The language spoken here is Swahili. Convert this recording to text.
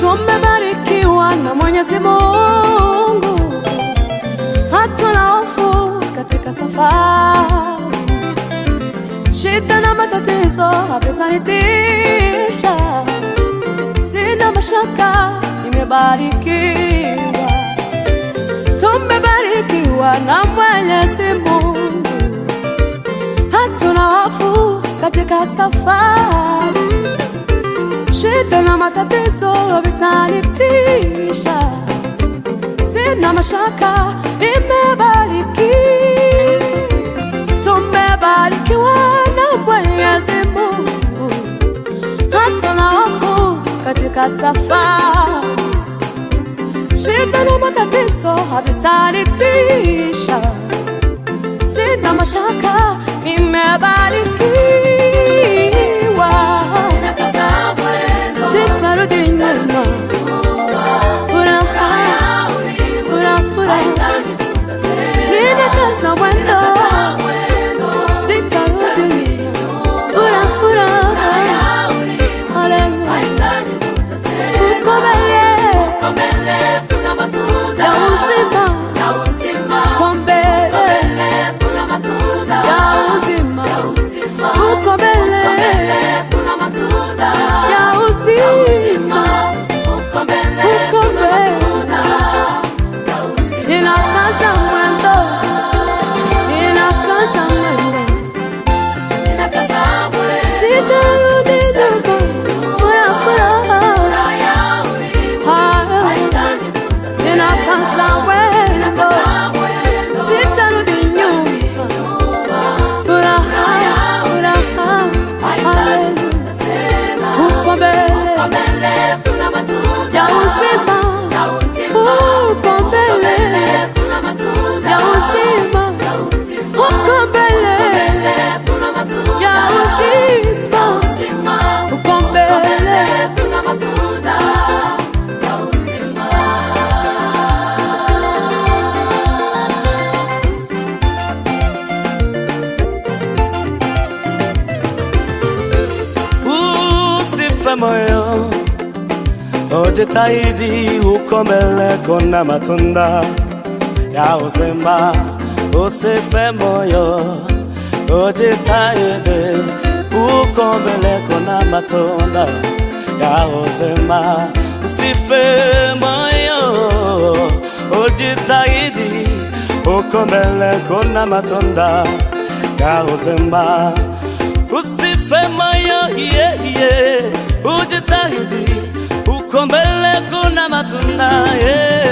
Tumebarikiwa na Mwenyezi Mungu, hatuna hofu katika safari Shida na matatizo havitanitisha, sina mashaka, nimebarikiwa, tumebarikiwa na Mwenyezi Mungu, hatuna hofu katika safari. Shida na matatizo havitanitisha, sina mashaka, nimebarikiwa Casa safada Chega no mata que só habitar e deixar Oh. moyo ojitahidi ukomele kona matunda ya uzima usife moyo ojitahidi ukomele kona matunda ya uzima usife moyo ojitahidi ukomele kona matunda ya uzima usife moyo yeah, yeah ujitahidi, uko mbele kuna matunda yeah.